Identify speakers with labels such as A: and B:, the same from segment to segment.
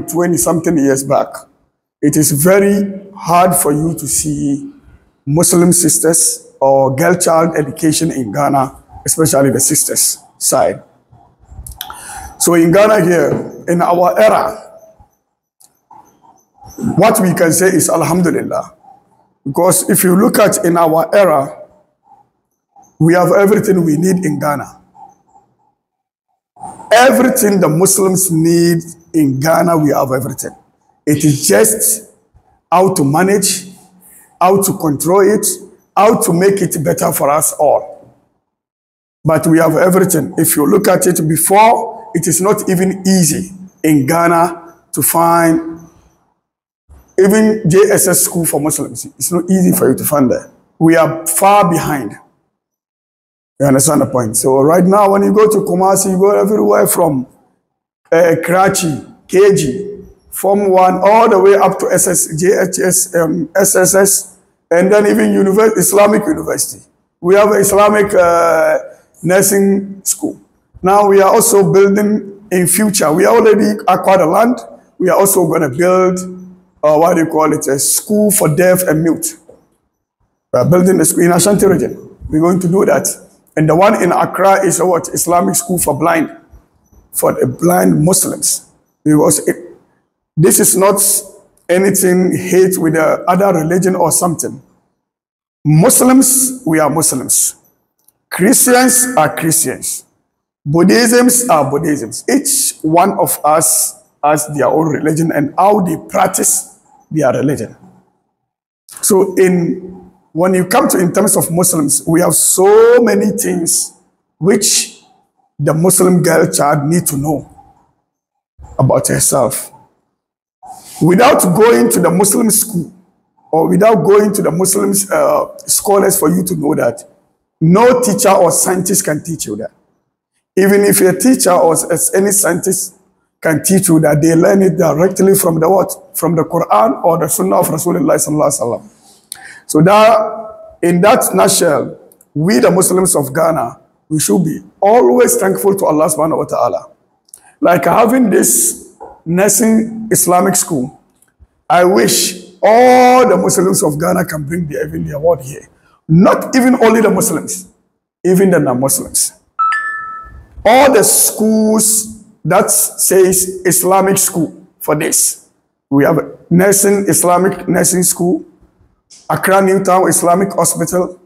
A: 20 something years back. It is very hard for you to see Muslim sisters or girl child education in Ghana, especially the sisters side. So in Ghana here, in our era, what we can say is Alhamdulillah. Because if you look at in our era, we have everything we need in Ghana. Everything the Muslims need in Ghana, we have everything. It is just how to manage, how to control it, how to make it better for us all. But we have everything. If you look at it before, it is not even easy in Ghana to find even JSS school for Muslims. It's not easy for you to find that. We are far behind. You understand the point? So right now, when you go to Kumasi, you go everywhere from uh, Karachi, KG, Form 1, all the way up to SS, JHS, um, SSS, and then even univers Islamic University. We have Islamic uh, nursing school. Now we are also building in future. We already acquired the land. We are also going to build, uh, what do you call it, a school for deaf and mute. We are building a school in Ashanti region. We're going to do that. And the one in Accra is what? Islamic school for blind, for the blind Muslims. Because it, eh, this is not anything hate with the other religion or something. Muslims, we are Muslims. Christians are Christians. Buddhisms are Buddhisms. Each one of us has their own religion and how they practice their religion. So in when you come to in terms of Muslims, we have so many things which the Muslim girl child need to know about herself. Without going to the Muslim school or without going to the Muslim uh, scholars for you to know that, no teacher or scientist can teach you that. Even if a teacher or any scientist can teach you that, they learn it directly from the what? From the Quran or the Sunnah of Rasulullah So that, in that nutshell, we the Muslims of Ghana, we should be always thankful to Allah subhanahu wa ta'ala. Like having this nursing Islamic school, I wish all the Muslims of Ghana can bring the Heavenly Award here. Not even only the Muslims, even the non-Muslims. All the schools that says Islamic school for this. We have a nursing Islamic nursing school, Accra Newtown Islamic Hospital.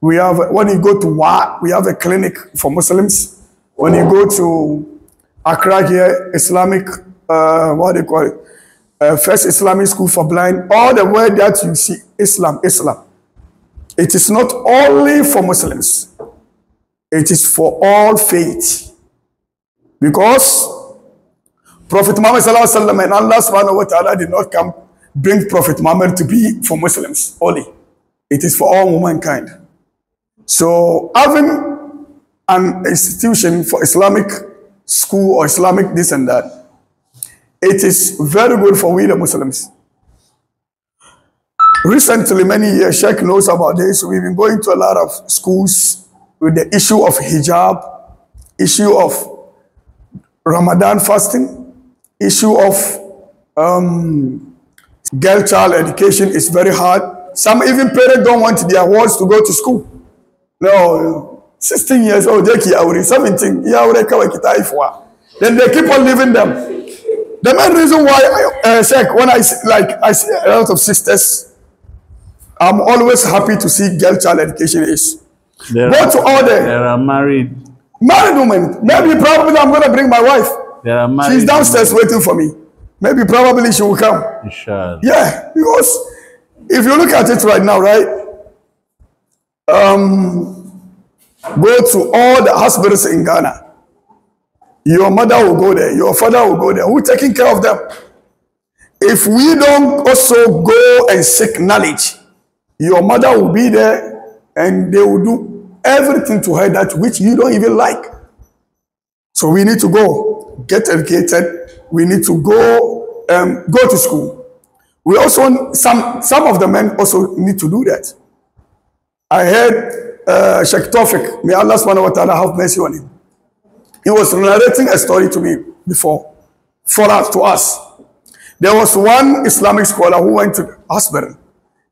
A: We have, when you go to Wa, we have a clinic for Muslims. When you go to Accra here, Islamic, uh, what do you call it? Uh, First Islamic School for Blind. All the way that you see, Islam, Islam. It is not only for Muslims. It is for all faith. Because Prophet Muhammad and Allah subhanahu wa ta'ala did not come bring Prophet Muhammad to be for Muslims only. It is for all mankind. So having an institution for Islamic school or Islamic this and that. It is very good for we the Muslims. Recently, many years, Sheikh knows about this. We've been going to a lot of schools with the issue of hijab, issue of Ramadan fasting, issue of um, girl child education is very hard. Some even parents don't want their wards to go to school. No, 16 years old, je ki 17, ya aure kawai Then they keep on leaving them. The main reason why, I, uh, when I see, like, I see a lot of sisters, I'm always happy to see girl child education is. Go to all the... There are married... Married women. Maybe probably I'm going to bring my wife.
B: There are married She's downstairs
A: women. waiting for me. Maybe probably she will come. Inshallah. Yeah, because if you look at it right now, right? Um, Go to all the hospitals in Ghana. Your mother will go there. Your father will go there. Who's taking care of them? If we don't also go and seek knowledge, your mother will be there and they will do everything to her that which you don't even like. So we need to go get educated. We need to go um, go to school. We also some some of the men also need to do that. I heard uh, Sheikh Tawfiq, may Allah subhanahu wa ta'ala have mercy on him. He was narrating a story to me before, for us, to us. There was one Islamic scholar who went to hospital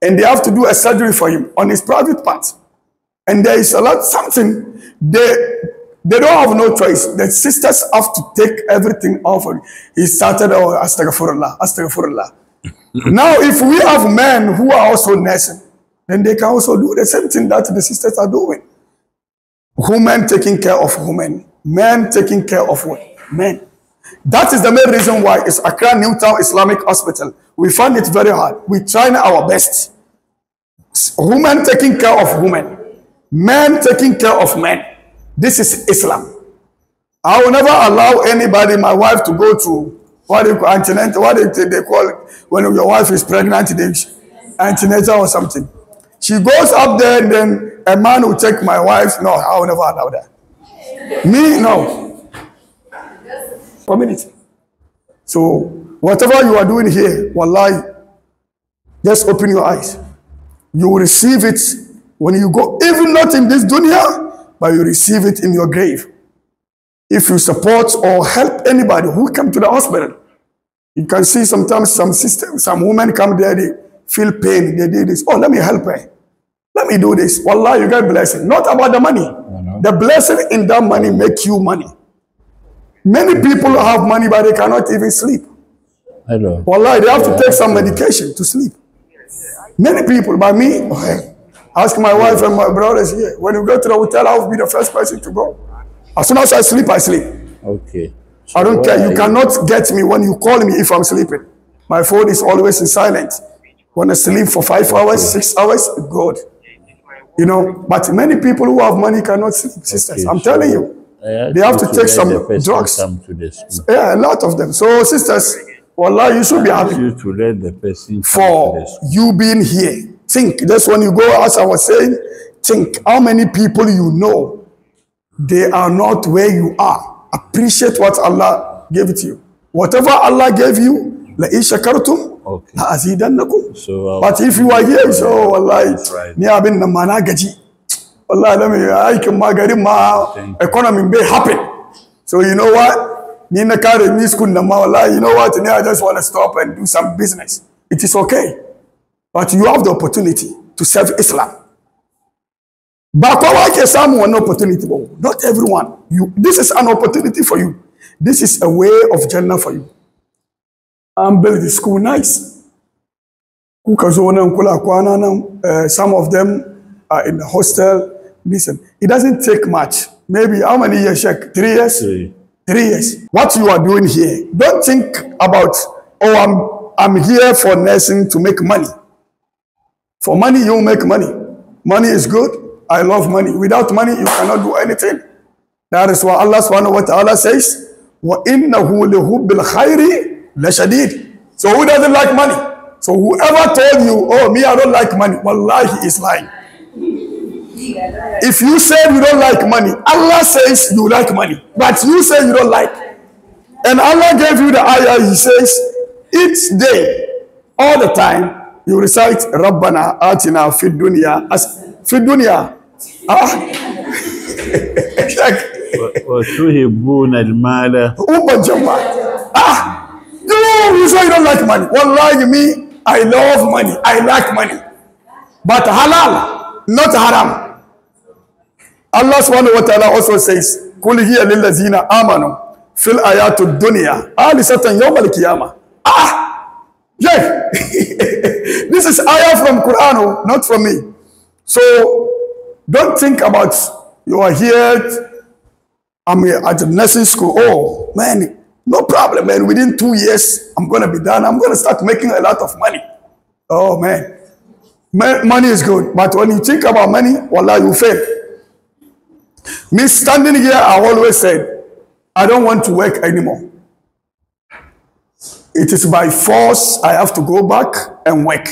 A: and they have to do a surgery for him on his private part. And there is a lot something they they don't have no choice. The sisters have to take everything off. He started, oh, astaghfirullah, astaghfirullah. now, if we have men who are also nursing, then they can also do the same thing that the sisters are doing. Women taking care of women, men taking care of men. That is the main reason why it's Accra Newtown Islamic Hospital. We find it very hard. We try our best. women taking care of women, men taking care of men. This is Islam. I will never allow anybody, my wife, to go to what do you antenatal, what do they call it? when your wife is pregnant, they, antenatal or something. She goes up there, then a man will take my wife. No, I will never allow that. Me, no. Community. So, whatever you are doing here, wallahi, just open your eyes. You will receive it when you go, even not in this dunya, but you receive it in your grave. If you support or help anybody who come to the hospital, you can see sometimes some sisters, some women come there, they feel pain, they do this. Oh, let me help her. Let me do this. Wallah, you get blessing. Not about the money. The blessing in that money make you money. Many people have money, but they cannot even sleep.
B: I know. Wallah, they have yeah, to take
A: some medication to sleep. Many people, by me, ask my wife and my brothers here. When you go to the hotel, I'll be the first person to go. As soon as I sleep, I sleep. Okay. So I don't care. You, you cannot get me when you call me if I'm sleeping. My phone is always in silent. When I sleep for five okay. hours, six hours, good. You know, but many people who have money cannot see sisters. Okay, I'm so telling you.
B: They have to, to take some drugs.
A: yeah, a lot of them. So, sisters, Wallah, you should be happy. You to let the person for you being here. Think. That's when you go, as I was saying, think how many people you know, they are not where you are. Appreciate what Allah gave to you. Whatever Allah gave you, la in okay. has he done nakum so, uh, but if you are here so oh, wallahi right. ni abin nan ma na gaji wallahi da me aikin ma garin ma economy bai happen so you know what ni na kare ni school nan ma wallahi you know what ni I just want to stop and do some business it is okay but you have the opportunity to serve Islam but kowa ke samun wannan opportunity not everyone you this is an opportunity for you this is a way of Jannah for you an build the school nice. Kuka zo nan kula kwana nan, eh, some of them are in the hostel. Listen, it doesn't take much. Maybe how many years, Sheikh? Three years? Three. years. What you are doing here, don't think about, oh, I'm, I'm here for nursing to make money. For money, you make money. Money is good. I love money. Without money, you cannot do anything. That is why Allah subhanahu wa ta'ala says, وَإِنَّهُ لِهُبِّ الْخَيْرِ lashadid. So who doesn't like money? So whoever told you, oh, me, I don't like money, wallahi is lying. If you say you don't like money, Allah says you like money, but you say you don't like. And Allah gave you the ayah, He says, each day, all the time, you recite, Rabbana atina fid dunya, as, fid dunya. Ah.
B: وتهبون المال
A: أم الجمال آه you say you don't like money. Wallahi, me, I love money. I like money. But halal, not haram. Allah subhanahu wa ta'ala also says, قل هي للذين آمنوا في الآيات الدنيا آلسة يوم القيامة Ah! Yeah! this is ayah from Quran, oh, not from me. So, don't think about you are here, I'm at the nursing school. Oh, man, no problem, man. Within two years, I'm going to be done. I'm going to start making a lot of money. Oh, man. man. Money is good. But when you think about money, wallah, you fail. Me standing here, I always said, I don't want to work anymore. It is by force I have to go back and work.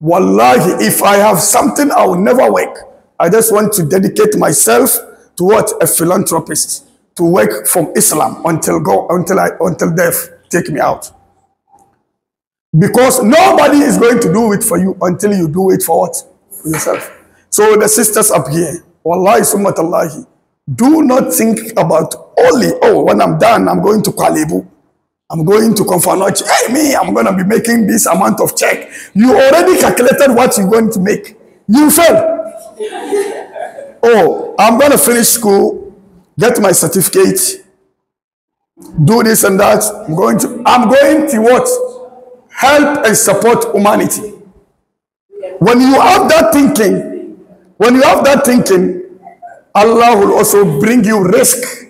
A: Wallahi, if I have something, I will never work. I just want to dedicate myself to what? A philanthropist to work from Islam until go until I until death take me out. Because nobody is going to do it for you until you do it for what? For yourself. So the sisters up here, wallahi summatallahi, do not think about only, oh, when I'm done, I'm going to Kwalibu. I'm going to Konfanochi. Hey, me, I'm going to be making this amount of check. You already calculated what you're going to make. You failed. oh, I'm going to finish school Get my certificate. Do this and that. I'm going to, I'm going to what? Help and support humanity. When you have that thinking, when you have that thinking, Allah will also bring you risk.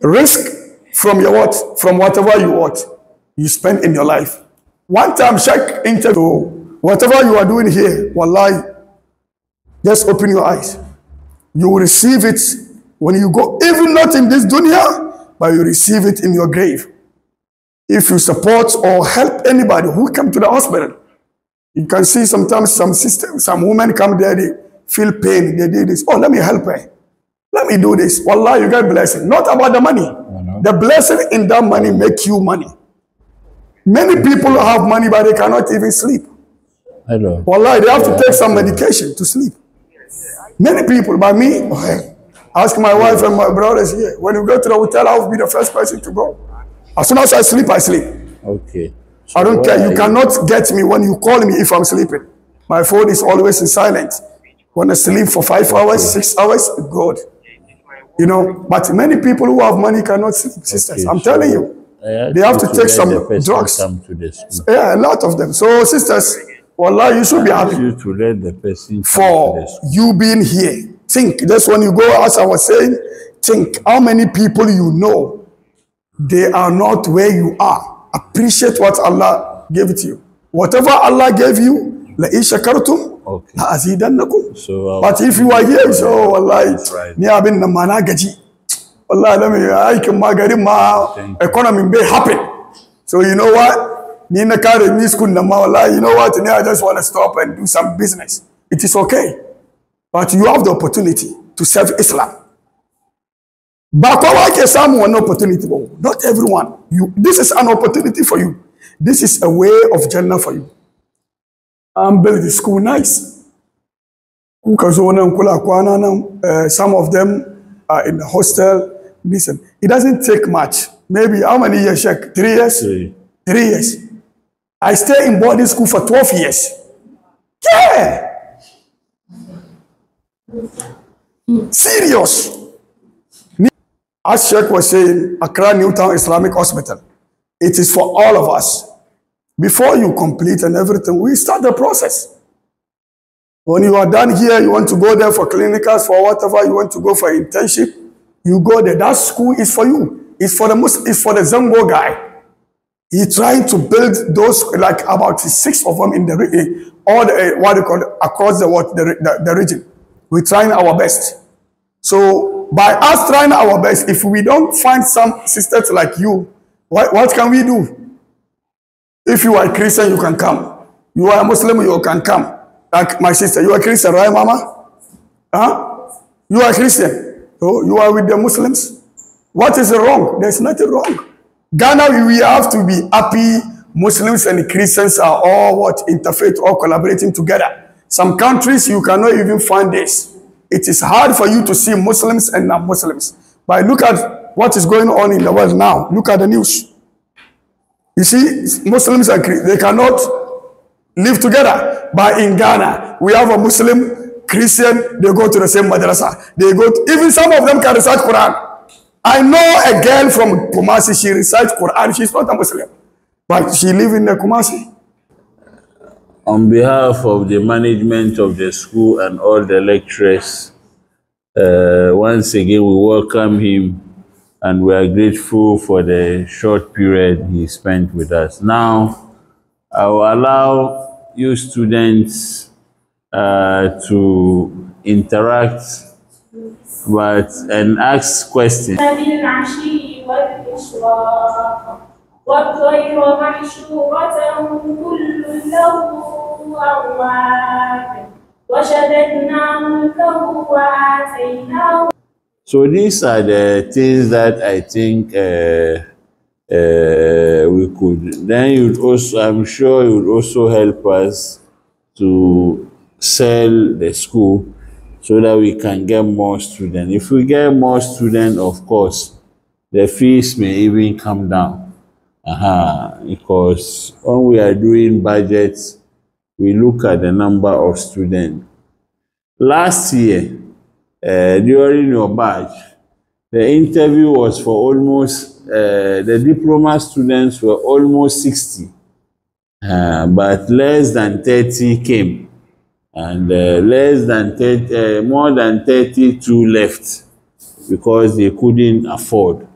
A: Risk from your what? From whatever you what you spend in your life. One time check interview, whatever you are doing here, wallahi, just open your eyes. You will receive it when you go, even not in this dunya, but you receive it in your grave. If you support or help anybody who come to the hospital, you can see sometimes some sister, some women come there, they feel pain, they do this. Oh, let me help her. Let me do this. Wallah, you get blessing. Not about the money. The blessing in that money make you money. Many people have money, but they cannot even sleep. know. Wallah, they have to take some medication to sleep. Many people, by me, okay. Oh, Ask my wife and my brothers here. When you go to the hotel, I'll be the first person to go. As soon as I sleep, I sleep. Okay. So I don't care. You cannot get me when you call me if I'm sleeping. My phone is always in silent. When I sleep for five okay. hours, six hours, good. You know, but many people who have money cannot sleep, sisters. Okay, I'm telling you.
B: They have to, take some drugs. To
A: yeah, a lot of them. So, sisters, Wallah, you should be happy. You to let the person for you being here. Think. That's when you go, as I was saying, think how many people you know, they are not where you are. Appreciate what Allah gave to you. Whatever Allah gave you, la shakartum okay. azidannakum. So, uh, but if you are here, so oh, wallahi, ni abin nan mana gaji. Wallahi, let me, aikin ma garin ma, economy bai happen. So you know what? Ni na kare ni school nan ma wallahi, you know what? Ni I just want to stop and do some business. It is okay. But you have the opportunity to serve Islam. But why someone an opportunity? not everyone. You, this is an opportunity for you. This is a way of journey for you. I'm building school nice. Eh, some of them are in the hostel. Listen, it doesn't take much. Maybe how many years, Three years? Three. Three years. I stay in boarding school for 12 years. Yeah! Serious. As Sheikh was saying, Accra Newtown Islamic Hospital. It is for all of us. Before you complete and everything, we start the process. When you are done here, you want to go there for clinicals, for whatever, you want to go for internship, you go there. That school is for you. It's for the most, it's for the Zango guy. He's trying to build those, like about six of them in the, all the, what do you call it, across the, what, the, the, the region. We're trying our best. So by us trying our best, if we don't find some sisters like you, what, what can we do? If you are a Christian, you can come. You are a Muslim, you can come. Like my sister, you are a Christian, right, Mama? Huh? You are a Christian. Oh, you are with the Muslims. What is wrong? There's nothing wrong. Ghana, we have to be happy. Muslims and Christians are all what? Interfaith, all collaborating together. Some countries, you cannot even find this. It is hard for you to see Muslims and non-Muslims. But look at what is going on in the world now. Look at the news. You see, Muslims and they cannot live together. But in Ghana, we have a Muslim, Christian, they go to the same madrasa. They go, to, even some of them can recite Quran. I know a girl from Kumasi, she recites Quran. She's not a Muslim, but she lives in the Kumasi
B: on behalf of the management of the school and all the lecturers, uh, once again we welcome him and we are grateful for the short period he spent with us. Now, I will allow you students uh, to interact but, and ask questions.
A: الطير محشورة كل له أواب
B: وشددنا ملكه وآتيناه So these are the things that I think uh, uh, we could. Then would also, I'm sure it would also help us to sell the school so that we can get more students. If we get more students, of course, the fees may even come down. Uh-huh. Because when we are doing budgets, we look at the number of students. Last year, uh, during your batch, the interview was for almost, uh, the diploma students were almost 60, uh, but less than 30 came. And uh, less than 30, uh, more than 32 left because they couldn't afford.